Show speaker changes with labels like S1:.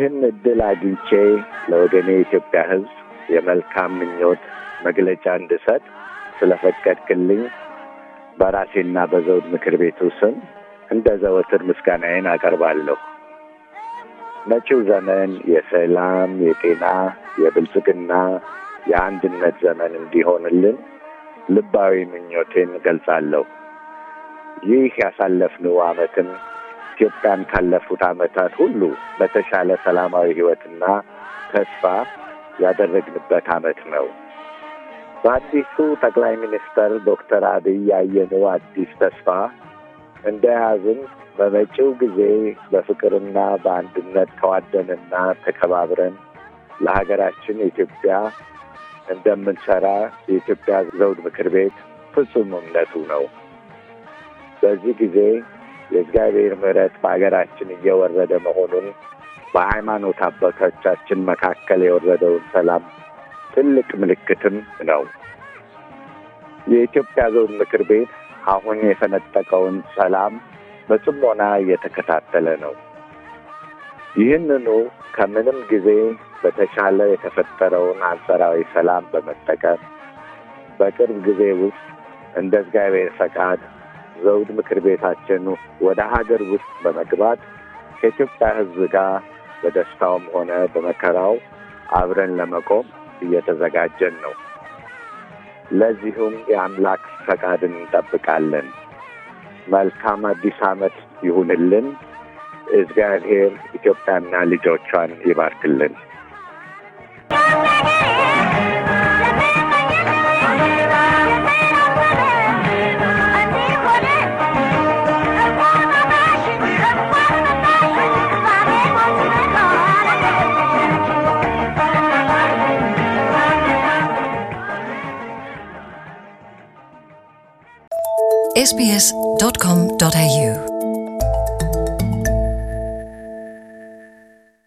S1: ይህን እድል አግኝቼ ለወገኔ የኢትዮጵያ ሕዝብ የመልካም ምኞት መግለጫ እንድሰጥ ስለፈቀድክልኝ በራሴና በዘውድ ምክር ቤቱ ስም እንደ ዘወትር ምስጋናዬን አቀርባለሁ። መጪው ዘመን የሰላም፣ የጤና፣ የብልጽግና፣ የአንድነት ዘመን እንዲሆንልን ልባዊ ምኞቴን እገልጻለሁ። ይህ ያሳለፍነው ዓመትም ኢትዮጵያን ካለፉት ዓመታት ሁሉ በተሻለ ሰላማዊ ሕይወትና ተስፋ ያደረግንበት ዓመት ነው። በአዲሱ ጠቅላይ ሚኒስተር ዶክተር አብይ ያየነው አዲስ ተስፋ እንደያዝን በመጪው ጊዜ በፍቅርና በአንድነት ተዋደንና ተከባብረን ለሀገራችን ኢትዮጵያ እንደምንሰራ የኢትዮጵያ ዘውድ ምክር ቤት ፍጹም እምነቱ ነው። በዚህ ጊዜ የእግዚአብሔር ምሕረት በሀገራችን እየወረደ መሆኑን በሃይማኖት አባቶቻችን መካከል የወረደውን ሰላም ትልቅ ምልክትም ነው። የኢትዮጵያ ዞን ምክር ቤት አሁን የፈነጠቀውን ሰላም በጽሞና እየተከታተለ ነው። ይህንኑ ከምንም ጊዜ በተሻለ የተፈጠረውን አንጻራዊ ሰላም በመጠቀም በቅርብ ጊዜ ውስጥ እንደ እግዚአብሔር ፈቃድ ዘውድ ምክር ቤታችን ወደ ሀገር ውስጥ በመግባት ከኢትዮጵያ ሕዝብ ጋር በደስታውም ሆነ በመከራው አብረን ለመቆም እየተዘጋጀን ነው። ለዚሁም የአምላክ ፈቃድን እንጠብቃለን። መልካም አዲስ ዓመት ይሁንልን። እግዚአብሔር ኢትዮጵያና ልጆቿን ይባርክልን። sbs.com.au